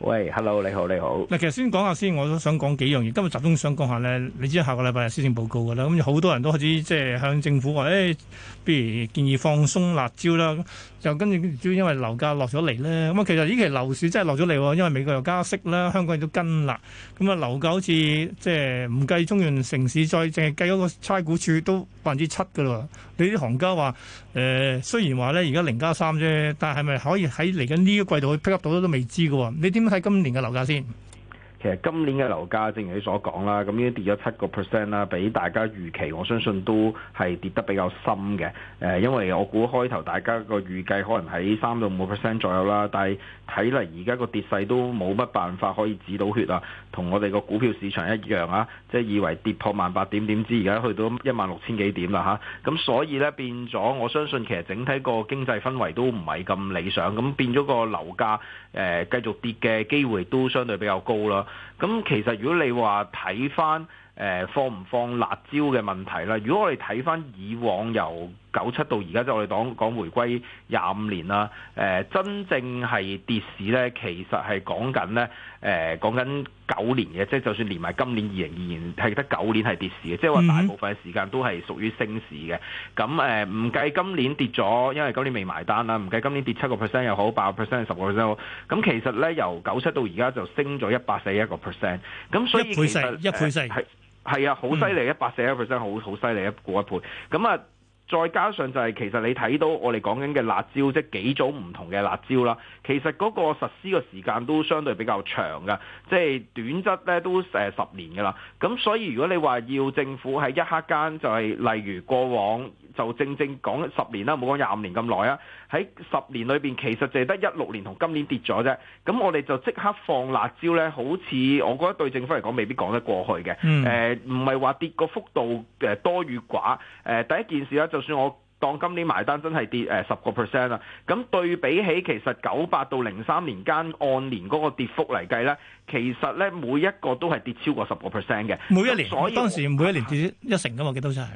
喂，hello，你好，你好。嗱，其實先講下先，我都想講幾樣嘢。今日集中想講下咧，你知下個禮拜有施政報告㗎啦。咁好多人都開始即係向政府話，誒、哎，不如建議放鬆辣招啦。就跟住主要因為樓價落咗嚟咧。咁啊，其實呢期樓市真係落咗嚟，因為美國又加息啦，香港亦都跟啦。咁啊，樓價好似即係唔計中原城市，再淨係計嗰個差估處都百分之七㗎啦。你啲行家話，誒、呃，雖然話咧而家零加三啫，但係咪可以喺嚟緊呢個季度去 pick up 到都，都未知㗎喎。你點？睇今年嘅樓價先。 其實今年嘅樓價，正如你所講啦，咁已經跌咗七個 percent 啦，比大家預期，我相信都係跌得比較深嘅。誒，因為我估開頭大家個預計可能喺三到五 percent 左右啦，但係睇嚟而家個跌勢都冇乜辦法可以止到血啊。同我哋個股票市場一樣啊，即係以為跌破萬八點，點知而家去到一萬六千幾點啦嚇。咁所以呢，變咗，我相信其實整體個經濟氛圍都唔係咁理想，咁變咗個樓價誒、呃、繼續跌嘅機會都相對比較高啦。咁其實，如果你話睇翻誒，放唔放辣椒嘅問題啦，如果我哋睇翻以往由九七到而家即係我哋講，講回歸廿五年啦，誒，真正係跌市咧，其實係講緊咧，誒，講緊九年嘅，即係就算連埋今年二零二年係得九年係跌市嘅，即係話大部分嘅時間都係屬於升市嘅。咁誒，唔計今年跌咗，因為今年未埋單啦，唔計今年跌七個 percent 又好，八個 percent 又好，十個 percent，好。咁其實咧由九七到而家就升咗一百四一個 percent，咁所以其實係，係啊，好犀利，一百四一個 percent，好好犀利，一過一倍，咁啊。再加上就係其實你睇到我哋講緊嘅辣招，即係幾種唔同嘅辣招啦，其實嗰個實施嘅時間都相對比較長嘅，即係短則呢都誒十年㗎啦。咁所以如果你話要政府喺一刻間，就係例如過往就正正講十年啦，冇講廿五年咁耐啊。喺十年裏邊，其實就係得一六年同今年跌咗啫。咁我哋就即刻放辣椒呢，好似我覺得對政府嚟講，未必講得過去嘅。誒、嗯，唔係話跌個幅度多與寡。呃、第一件事咧，就算我當今年埋單真係跌誒十個 percent 啦。咁對比起其實九八到零三年間按年嗰個跌幅嚟計呢，其實呢，每一個都係跌超過十個 percent 嘅。每一年，所以當時每一年至少一成噶嘛，幾多真係？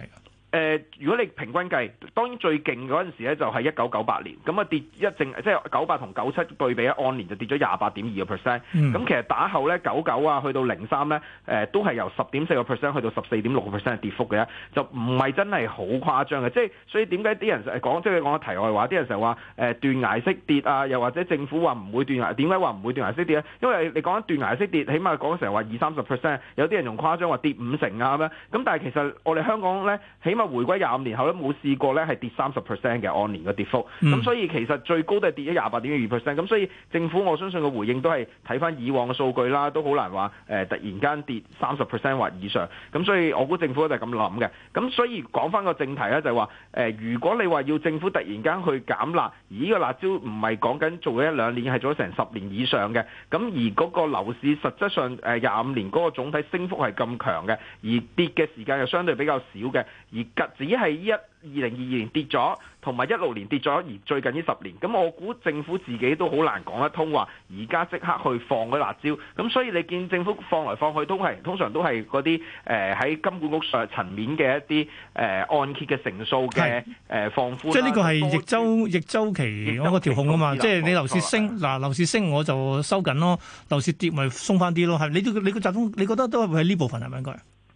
誒、呃，如果你平均計，當然最勁嗰陣時咧，就係一九九八年，咁啊跌一正，即係九八同九七對比啊，按年就跌咗廿八點二個 percent。咁、嗯、其實打後咧，九九啊，去到零三咧，誒都係由十點四個 percent 去到十四點六個 percent 跌幅嘅，就唔係真係好誇張嘅。即、就、係、是、所以點解啲人誒講，即係你講個題外話，啲人成日話誒斷崖式跌啊，又或者政府話唔會斷崖，點解話唔會斷崖式跌啊？因為你講緊斷崖式跌，起碼講成話二三十 percent，有啲人仲誇張話跌五成啊咁樣。咁但係其實我哋香港咧，起碼回歸廿五年後咧，冇試過咧係跌三十 percent 嘅按年嘅跌幅。咁所以其實最高都係跌咗廿八點二 percent。咁所以政府我相信嘅回應都係睇翻以往嘅數據啦，都好難話誒、呃、突然間跌三十 percent 或以上。咁所以我估政府都係咁諗嘅。咁所以講翻個正題咧，就係話誒如果你話要政府突然間去減辣，而呢個辣椒唔係講緊做咗一兩年，係做咗成十年以上嘅。咁而嗰個樓市實質上誒廿五年嗰個總體升幅係咁強嘅，而跌嘅時間又相對比較少嘅，而㗎，只係一二零二二年跌咗，同埋一六年跌咗，而最近呢十年，咁我估政府自己都好難講得通話，而家即刻去放嗰啲辣招。咁所以你見政府放嚟放去都，都係通常都係嗰啲誒喺金管局上層面嘅一啲誒、呃、按揭嘅成數嘅誒放寬，呃是呃、即係呢個係逆周逆周期嗰個調控啊嘛！即係你樓市升，嗱樓的市升我就收緊咯，樓市跌咪鬆翻啲咯，係咪？你都你個集中，你覺得都係喺呢部分係咪應該。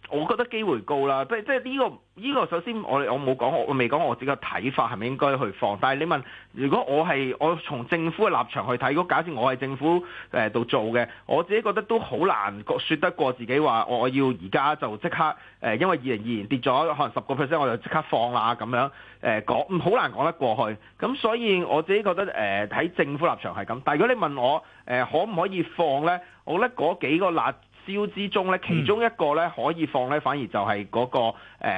我覺得機會高啦，即係即係呢個呢、呢個首先我我冇講我未講我自己嘅睇法係咪應該去放，但係你問如果我係我從政府嘅立場去睇，如果假設我係政府誒度、呃、做嘅，我自己覺得都好難説得過自己話我要而家就即刻誒、呃，因為二零二年跌咗可能十個 percent，我就即刻放啦咁樣誒講，好、呃、難講得過去。咁所以我自己覺得誒喺、呃、政府立場係咁，但係如果你問我誒、呃、可唔可以放呢？我覺得嗰幾個立。招之中咧，其中一個咧可以放咧，反而就係嗰個誒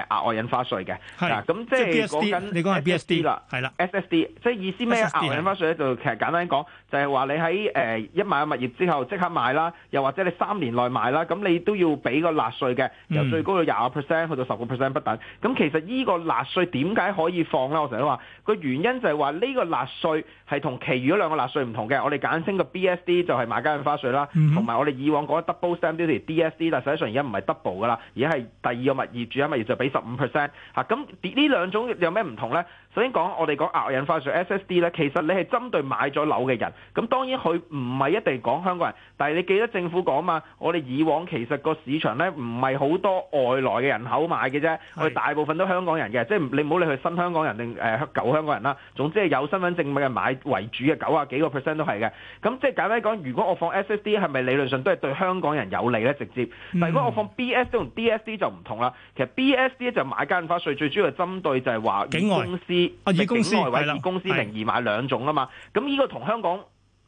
額外印花稅嘅。係啊，咁即係講緊你講係 B S D 啦，係啦，S S D，即係意思咩？額外印花稅咧，就其實簡單講就係話你喺誒一買物業之後即刻買啦，又或者你三年內買啦，咁你都要俾個辣稅嘅，由最高嘅廿個 percent 去到十個 percent 不等。咁其實呢個辣稅點解可以放咧？我成日都話個原因就係話呢個辣稅係同其餘嗰兩個辣稅唔同嘅。我哋簡稱個 B S D 就係買家印花稅啦，同埋我哋以往嗰 double DSD，但實際上而家唔係 double 噶啦，而係第二個物業，住一物業就俾十五 percent，吓，咁呢兩種有咩唔同咧？首先講，我哋講額外印花稅 SSD 咧，其實你係針對買咗樓嘅人。咁當然佢唔係一定講香港人，但係你記得政府講嘛？我哋以往其實個市場咧，唔係好多外來嘅人口買嘅啫，我哋大部分都香港人嘅，是即係你唔好理佢新香港人定誒、呃、舊香港人啦。總之係有身份證嘅人買為主嘅，九啊幾個 percent 都係嘅。咁即係簡單講，如果我放 SSD 係咪理論上都係對香港人有利咧？直接，但如果我放 BSD BS 同 DSD 就唔同啦。其實 BSD 咧就買家印花稅，最主要係針對就係話影公司。啊、以公司係以公司名義買兩種啊嘛，咁呢個同香港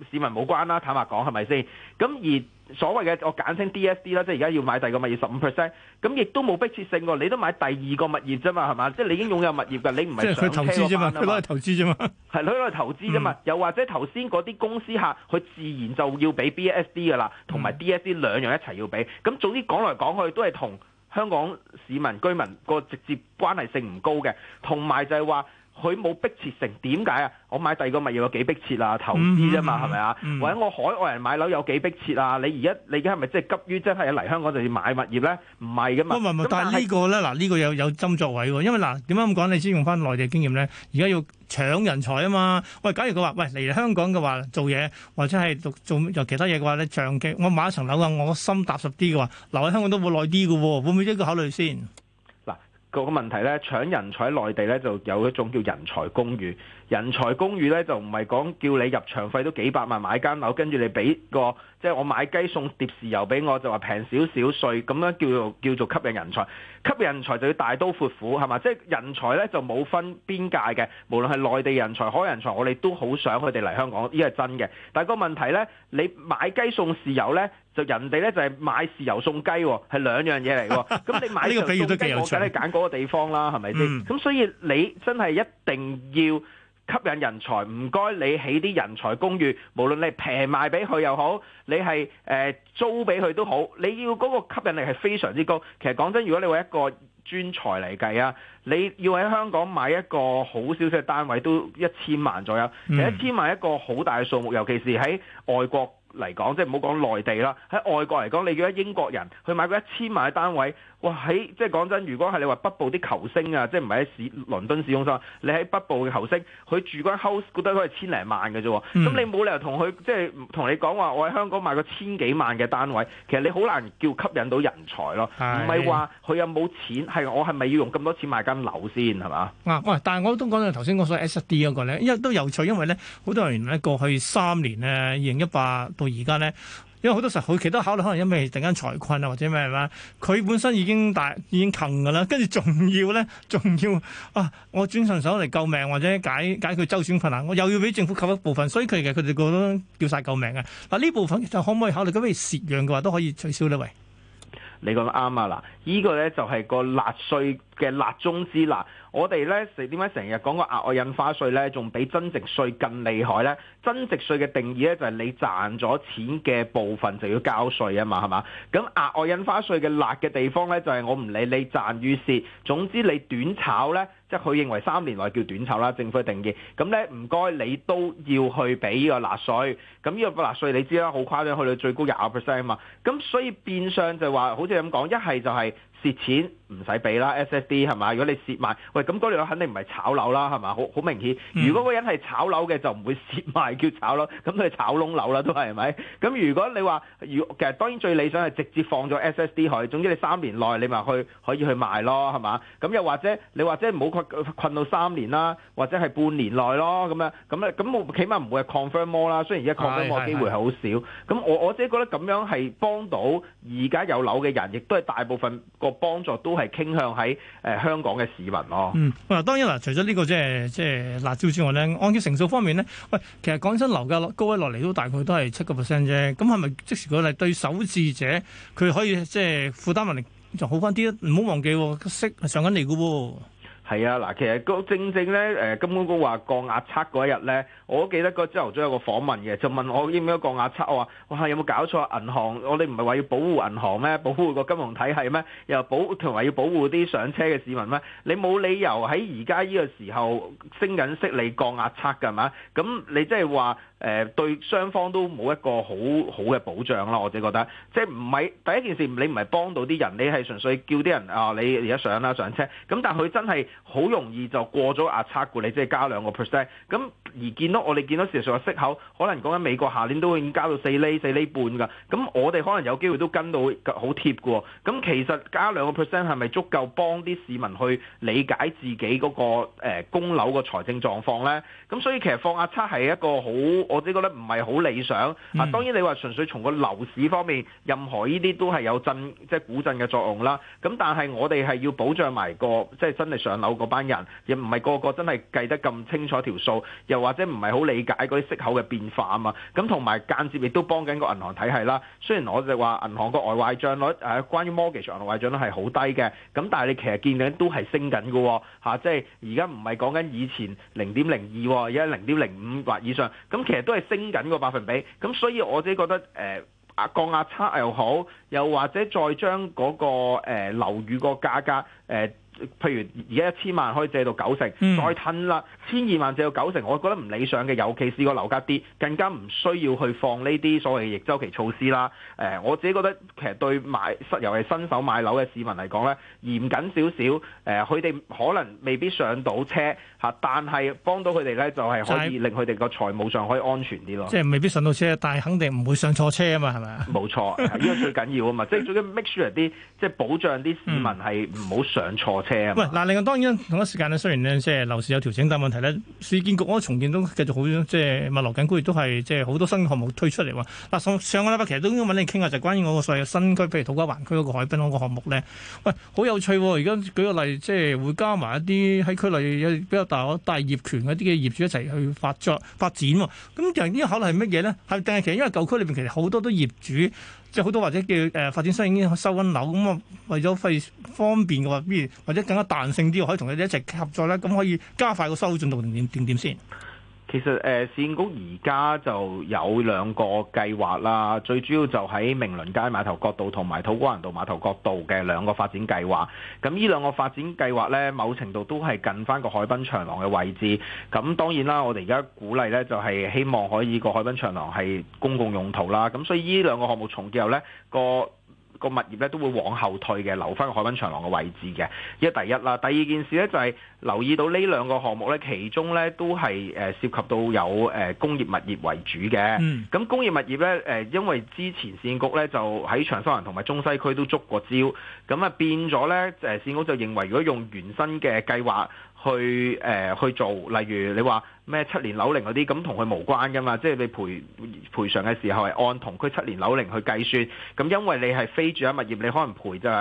市民冇關啦，坦白講，係咪先？咁而所謂嘅我簡稱 D S D 啦，即係而家要買第二個物業十五 percent，咁亦都冇迫切性，你都買第二個物業啫嘛，係嘛？即係你已經擁有物業噶，你唔係即投資啫嘛？佢攞嚟投資啫嘛？係攞嚟投資啫嘛？又或者頭先嗰啲公司客，佢自然就要俾 B S D 噶啦，同埋 D S D 兩樣一齊要俾，咁總之講嚟講去都係同香港市民居民個直接關係性唔高嘅，同埋就係話。佢冇逼切成點解啊？我買第二個物業有幾逼切啊？投資啫嘛，係咪啊？ 或者我海外人買樓有幾逼切啊？你而家你而家係咪即係急於即係嚟香港就要買物業咧？唔係噶嘛。唔唔，但係呢個咧嗱，呢、嗯、個有有針作為喎。因為嗱，點解咁講？你先用返內地經驗咧，而家要搶人才啊嘛。喂，假如佢話喂嚟香港嘅話做嘢，或者係做做其他嘢嘅話咧，長期我買一層樓啊，我心踏實啲嘅話，留喺香港都會耐啲嘅喎，會唔會一個考慮先？個個問題呢，搶人才內地呢，就有一種叫人才公寓。人才公寓呢，就唔係講叫你入場費都幾百萬買間樓，跟住你畀個即係我買雞送碟豉油畀我，就話平少少稅咁樣叫做叫做吸引人才。吸引人才就要大刀闊斧係嘛，即係人才呢，就冇分邊界嘅，無論係內地人才、海外人才，我哋都好想佢哋嚟香港，呢個係真嘅。但係個問題呢，你買雞送豉油呢。人就人哋呢，就係買豉油送雞，係兩樣嘢嚟喎。咁 你買豉油送雞，啊這個、我梗係揀嗰個地方啦，係咪先？咁、嗯、所以你真係一定要吸引人才，唔該你起啲人才公寓。無論你平賣俾佢又好，你係誒、呃、租俾佢都好。你要嗰個吸引力係非常之高。其實講真，如果你話一個專才嚟計啊，你要喺香港買一個好少少嘅單位都一千萬左右，一千萬一個好大嘅數目，尤其是喺外國。嚟講，即係唔好講內地啦，喺外國嚟講，你叫見英國人去買個一千萬嘅單位，哇！喺即係講真，如果係你話北部啲球星啊，即係唔係喺市倫敦市中心，你喺北部嘅球星，佢住間 house，覺得都係千零萬嘅啫。咁、嗯、你冇理由同佢即係同你講話，我喺香港買個千幾萬嘅單位，其實你好難叫吸引到人才咯。唔係話佢有冇錢，係我係咪要用咁多錢買間樓先係嘛？啱。喂，但係我都講到頭先講咗 S、R、D 嗰、那個咧，因為都有趣，因為咧好多人咧過去三年咧，二零一八。到而家咧，因為好多時候佢其他考慮，可能因為突然間財困啊，或者咩係嘛？佢本身已經大已經窮噶啦，跟住仲要咧，仲要啊！我轉上手嚟救命，或者解解佢周轉困難，我又要俾政府扣一部分，所以佢哋佢哋覺得叫晒救命嘅嗱，呢、啊、部分就可唔可以考慮咁樣？蝕讓嘅話都可以取消咧？喂，你講得啱啊！嗱，呢個咧就係個辣稅嘅辣中之辣。我哋咧成點解成日講個額外印花稅咧，仲比增值稅更厲害咧？增值稅嘅定義咧就係你賺咗錢嘅部分就要交稅啊嘛，係嘛？咁額外印花稅嘅辣嘅地方咧就係我唔理你賺與蝕，總之你短炒咧，即係佢認為三年內叫短炒啦，政府嘅定義。咁咧唔該你都要去俾個納稅，咁呢個納稅你知啦，好誇張，去到最高廿 percent 啊嘛。咁所以變相就話，好似咁講，一係就係蝕錢。唔使俾啦，SSD 係嘛？如果你蝕埋，喂，咁嗰條友肯定唔係炒樓啦，係嘛？好好明顯。如果個人係炒樓嘅，就唔會蝕賣叫炒樓咯，咁佢炒窿樓啦，都係係咪？咁如果你話，要其實當然最理想係直接放咗 SSD 去，總之你三年內你咪去可以去賣咯，係嘛？咁又或者你或者唔好困困到三年啦，或者係半年內咯，咁樣咁咧，咁我起碼唔會係 confirm 摩啦。雖然而家 confirm 摩機會係好少，咁我我自己覺得咁樣係幫到而家有樓嘅人，亦都係大部分個幫助都係傾向喺誒香港嘅市民咯。嗯，嗱當然啦，除咗呢個即係即係辣椒之外咧，按揭成數方面咧，喂，其實講真，樓價高位落嚟都大概都係七個 percent 啫。咁係咪即時佢哋對首置者，佢可以即係負擔能力就好翻啲啊？唔好忘記息係上緊嚟嘅喎。係啊，嗱，其實個正正咧，誒，金管局話降壓測嗰一日咧，我記得嗰朝頭早有個訪問嘅，就問我應唔應該降壓測，我話哇，有冇搞錯？銀行，我哋唔係話要保護銀行咩？保護個金融體系咩？又保同埋要保護啲上車嘅市民咩？你冇理由喺而家呢個時候升緊息，你降壓測㗎嘛？咁你即係話誒，對雙方都冇一個好好嘅保障咯，我自己覺得，即係唔係第一件事，你唔係幫到啲人，你係純粹叫啲人啊，你而家上啦上車，咁但係佢真係，好容易就過咗壓測，你即係加兩個 percent。咁而見到我哋見到事實上嘅息口可能講緊美國下年都已經加到四厘、四厘半㗎。咁我哋可能有機會都跟到好貼㗎。咁其實加兩個 percent 係咪足夠幫啲市民去理解自己嗰個供樓個財政狀況呢？咁所以其實放壓測係一個好，我自己覺得唔係好理想。啊，當然你話純粹從個樓市方面，任何呢啲都係有震，即係股震嘅作用啦。咁但係我哋係要保障埋個即係、就是、真係上樓。嗰班人亦唔係個個真係計得咁清楚條數，又或者唔係好理解嗰啲息口嘅變化啊嘛。咁同埋間接亦都幫緊個銀行體系啦。雖然我哋話銀行個外匯賬率，誒，關於 mortgage 外匯賬率係好低嘅，咁但係你其實見緊都係升緊嘅，嚇、啊，即係而家唔係講緊以前零點零二，而家零點零五或以上，咁其實都係升緊個百分比。咁所以我自己覺得，誒、呃，壓降壓差又好，又或者再將嗰、嗰個誒、呃、樓宇個價格誒。呃譬如而家一千萬可以借到九成，嗯、再褪啦千二萬借到九成，我覺得唔理想嘅，尤其是個樓價跌，更加唔需要去放呢啲所謂嘅逆周期措施啦。誒、呃，我自己覺得其實對買，尤其新手買樓嘅市民嚟講咧，嚴謹少少，誒、呃，佢哋可能未必上到車嚇，但係幫到佢哋咧就係、是、可以令佢哋個財務上可以安全啲咯。即係未必上到車，但係肯定唔會上錯車啊嘛，係咪？冇錯，呢個最緊要啊嘛，即係 最緊 make sure 啲，即係保障啲市民係唔好上錯車。 喂，嗱、嗯，另外當然同一時間咧，雖然咧即係樓市有調整，但問題咧，市建局重建都繼續好，即係物流緊亦都係即係好多新項目推出嚟喎。嗱，上上個禮拜其實都揾你傾下，就是、關於我個所謂新區，譬如土瓜灣區嗰個海濱嗰個項目咧。喂，好有趣喎、哦！而家舉個例，即係會加埋一啲喺區內有比較大大業權嗰啲嘅業主一齊去發作發展、哦。咁其實呢個考慮係乜嘢咧？係定係其實因為舊區裏邊其實好多都業主。即係好多或者叫誒發展商已經收緊樓，咁啊為咗費方便嘅話，不如或者更加彈性啲，可以同佢哋一齊合作啦。咁可以加快個收嘅進度定點點先。其實誒，市建局而家就有兩個計劃啦，最主要就喺明倫街碼頭角度同埋土瓜灣道碼頭角度嘅兩個發展計劃。咁呢兩個發展計劃呢，某程度都係近翻、就是、個海濱長廊嘅位置。咁當然啦，我哋而家鼓勵呢，就係希望可以個海濱長廊係公共用途啦。咁所以呢兩個項目重建後呢，那個。個物業咧都會往後退嘅，留翻海濱長廊嘅位置嘅。依家第一啦，第二件事咧就係留意到呢兩個項目咧，其中咧都係誒涉及到有誒工業物業為主嘅。咁、嗯、工業物業咧誒，因為之前線局咧就喺長沙灣同埋中西區都捉過招，咁啊變咗咧誒，線局就認為如果用原生嘅計劃。去誒、呃、去做，例如你話咩七年樓齡嗰啲，咁同佢無關噶嘛？即係你賠賠償嘅時候係按同區七年樓齡去計算。咁因為你係非住宅物業，你可能賠就係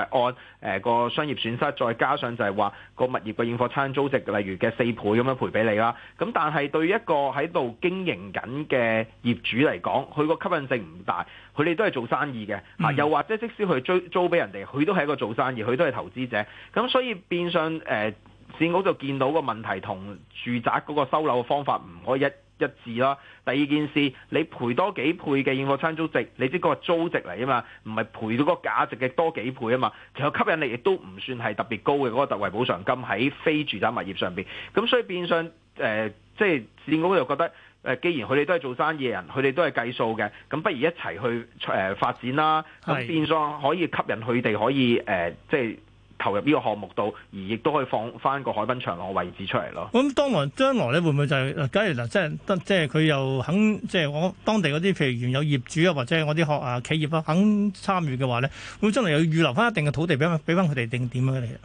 按誒個、呃、商業損失，再加上就係話個物業嘅應課差餉租值，例如嘅四倍咁樣賠俾你啦。咁但係對一個喺度經營緊嘅業主嚟講，佢個吸引性唔大。佢哋都係做生意嘅、啊，又或者即使佢租租俾人哋，佢都係一個做生意，佢都係投資者。咁所以變相誒。呃政府就見到個問題同住宅嗰個收樓嘅方法唔可以一一致啦。第二件事，你賠多幾倍嘅應課差餉租值，你知嗰個租值嚟啊嘛，唔係賠到個價值嘅多幾倍啊嘛。其實吸引力亦都唔算係特別高嘅嗰、那個特惠補償金喺非住宅物業上邊。咁所以變相誒，即係政府就覺得誒，既然佢哋都係做生意嘅人，佢哋都係計數嘅，咁不如一齊去誒發展啦。咁變相可以吸引佢哋可以誒、呃，即係。投入呢個項目度，而亦都可以放翻個海濱長廊位置出嚟咯。咁當來將來咧，會唔會就係？嗱，假如嗱，即係得，即係佢又肯，即係我當地嗰啲，譬如原有業主啊，或者係我啲學啊企業啊，肯參與嘅話呢，會將來又預留翻一定嘅土地俾，俾翻佢哋定點樣嚟啊？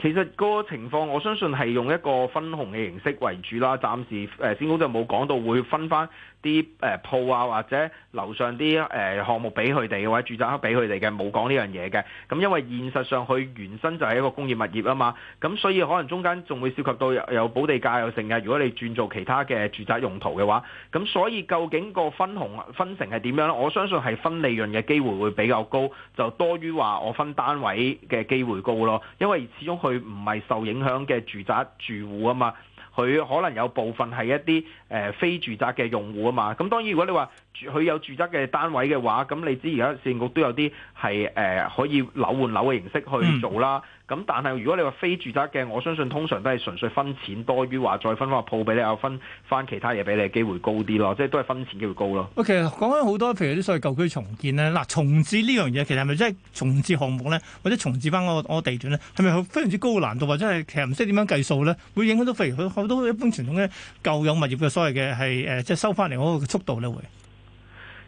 其實個情況，我相信係用一個分紅嘅形式為主啦。暫時誒、呃，先哥就冇講到會分翻。啲誒鋪，啊，或者樓上啲誒項目俾佢哋嘅話，或者住宅俾佢哋嘅，冇講呢樣嘢嘅。咁因為現實上佢原身就係一個工業物業啊嘛，咁所以可能中間仲會涉及到有有補地價又成嘅。如果你轉做其他嘅住宅用途嘅話，咁所以究竟個分紅分成係點樣咧？我相信係分利潤嘅機會會比較高，就多於話我分單位嘅機會高咯。因為始終佢唔係受影響嘅住宅住戶啊嘛。佢可能有部分係一啲誒、呃、非住宅嘅用戶啊嘛，咁當然如果你話佢有住宅嘅單位嘅話，咁你知而家市局都有啲係誒可以樓換樓嘅形式去做啦。嗯咁但係如果你話非住宅嘅，我相信通常都係純粹分錢多於話再分翻個鋪俾你，有分翻其他嘢俾你嘅機會高啲咯，即係都係分錢機會高咯。OK，其實講緊好多，譬如啲所謂舊區重建咧，嗱，重置呢樣嘢，其實係咪真係重置項目咧，或者重置翻嗰個地段咧，係咪非常之高嘅難度，或者係其實唔識點樣計數咧，會影響到譬如佢好多一般傳統嘅舊有物業嘅所謂嘅係誒，即係收翻嚟嗰個速度咧會。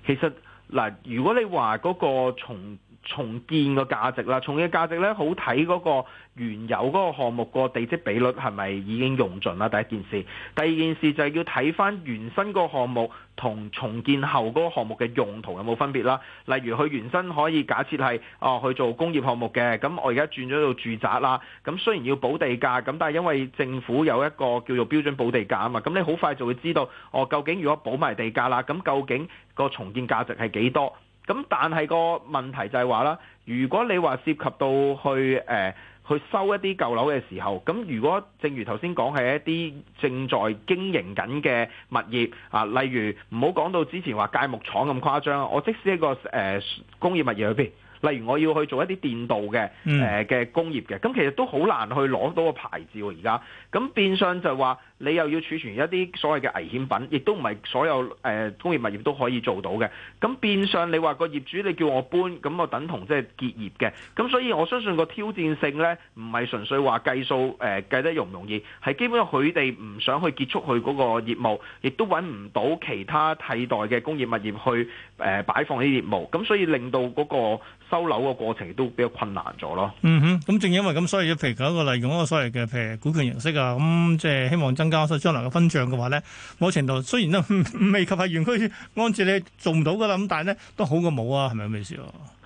其實嗱，如果你話嗰個重重建個價值啦，重建價值咧，好睇嗰個原有嗰個項目個地積比率係咪已經用盡啦？第一件事，第二件事就係要睇翻原生嗰個項目同重建後嗰個項目嘅用途有冇分別啦。例如佢原生可以假設係哦去做工業項目嘅，咁我而家轉咗做住宅啦。咁雖然要補地價，咁但係因為政府有一個叫做標準補地價啊嘛，咁你好快就會知道哦，究竟如果補埋地價啦，咁究竟個重建價值係幾多？咁但係個問題就係話啦，如果你話涉及到去誒、呃、去收一啲舊樓嘅時候，咁如果正如頭先講係一啲正在經營緊嘅物業啊，例如唔好講到之前話鎅木廠咁誇張，我即使一個誒、呃、工業物業裡邊，例如我要去做一啲電鍍嘅誒嘅工業嘅，咁其實都好難去攞到個牌照而家，咁變相就話。你又要儲存一啲所謂嘅危險品，亦都唔係所有誒、呃、工業物業都可以做到嘅。咁變相你話個業主你叫我搬，咁我等同即係結業嘅。咁所以我相信個挑戰性呢，唔係純粹話計數誒、呃、計得容唔容易，係基本上佢哋唔想去結束佢嗰個業務，亦都揾唔到其他替代嘅工業物業去誒、呃、擺放呢啲業務。咁所以令到嗰個收樓嘅過程都比較困難咗咯。嗯哼，咁正因為咁，所以譬如有一個例子如嗰個所謂嘅譬如股權形式啊，咁即係希望增。教授將來嘅分賬嘅話咧，某程度雖然都未及係園區安置你，你做唔到噶啦，咁但係咧都好過冇啊，係咪啊？咁嘅意思。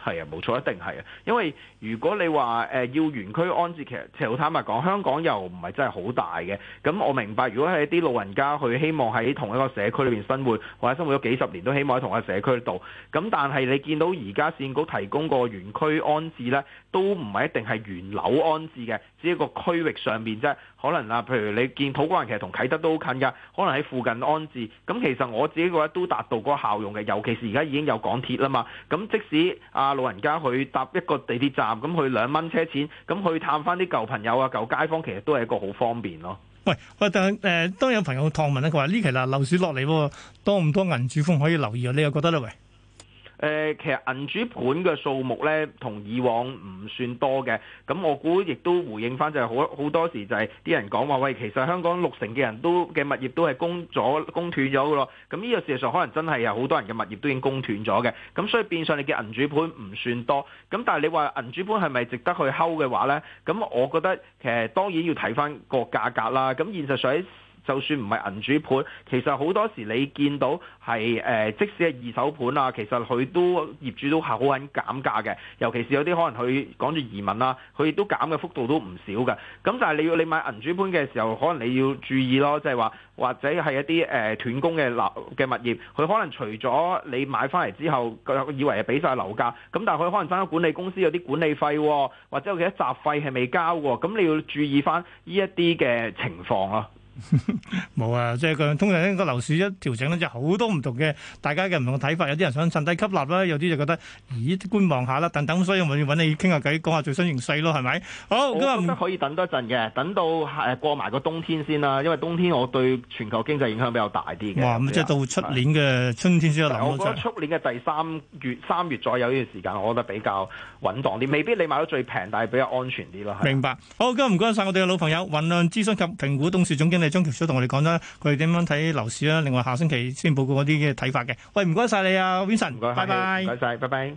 係啊，冇錯，一定係啊。因為如果你話誒、呃、要園區安置，其實其實好坦白講，香港又唔係真係好大嘅。咁我明白，如果係啲老人家去希望喺同一個社區裏邊生活，或者生活咗幾十年都希望喺同一個社區度。咁但係你見到而家線局提供個園區安置呢，都唔係一定係原樓安置嘅，只係個區域上邊啫。可能嗱，譬如你見土瓜灣其實同啟德都好近噶，可能喺附近安置。咁其實我自己覺得都達到嗰個效用嘅，尤其是而家已經有港鐵啦嘛。咁即使啊～老人家去搭一個地鐵站，咁去兩蚊車錢，咁去探翻啲舊朋友啊、舊街坊，其實都係一個好方便咯。喂，我等誒，都有朋友唐問問咧，佢話呢期嗱，樓市落嚟多唔多銀主盤可以留意啊？你又覺得咧？喂？誒，其實銀主盤嘅數目咧，同以往唔算多嘅，咁我估亦都回應翻、就係，就係好好多時就係啲人講話喂，其實香港六成嘅人都嘅物業都係供咗、供斷咗嘅咯，咁呢個事實上可能真係有好多人嘅物業都已經供斷咗嘅，咁所以變相你嘅銀主盤唔算多，咁但係你話銀主盤係咪值得去睺嘅話咧？咁我覺得其實當然要睇翻個價格啦，咁現實上。就算唔係銀主盤，其實好多時你見到係誒，即使係二手盤啊，其實佢都業主都係好肯減價嘅。尤其是有啲可能佢趕住移民啦，佢亦都減嘅幅度都唔少嘅。咁但係你要你買銀主盤嘅時候，可能你要注意咯，即係話或者係一啲誒斷供嘅樓嘅物業，佢可能除咗你買翻嚟之後，佢以為係俾晒樓價，咁但係佢可能爭咗管理公司有啲管理費，或者有其他雜費係未交喎，咁你要注意翻呢一啲嘅情況咯。冇 啊，即係佢通常呢個樓市一調整呢，就好多唔同嘅大家嘅唔同嘅睇法。有啲人想趁低吸納啦，有啲就覺得咦觀望下啦等等。所以我咪要揾你傾下偈，講下最新形勢咯，係咪？好，我覺得可以等多一陣嘅，等到誒、啊、過埋個冬天先啦，因為冬天我對全球經濟影響比較大啲嘅。哇，即係到出年嘅春天先有兩。我覺得出年嘅第三月、三月左右呢段時間，我覺得比較穩當啲，未必你買到最平，但係比較安全啲咯。明白。好，今日唔該晒我哋嘅老朋友，雲亮諮詢及評估董事總經理。張翹楚同我哋講啦，佢哋點樣睇樓市啦？另外下星期先報告我啲嘅睇法嘅。喂，唔該晒你啊，Vincent 你。唔該 bye，拜拜。唔該晒，拜拜。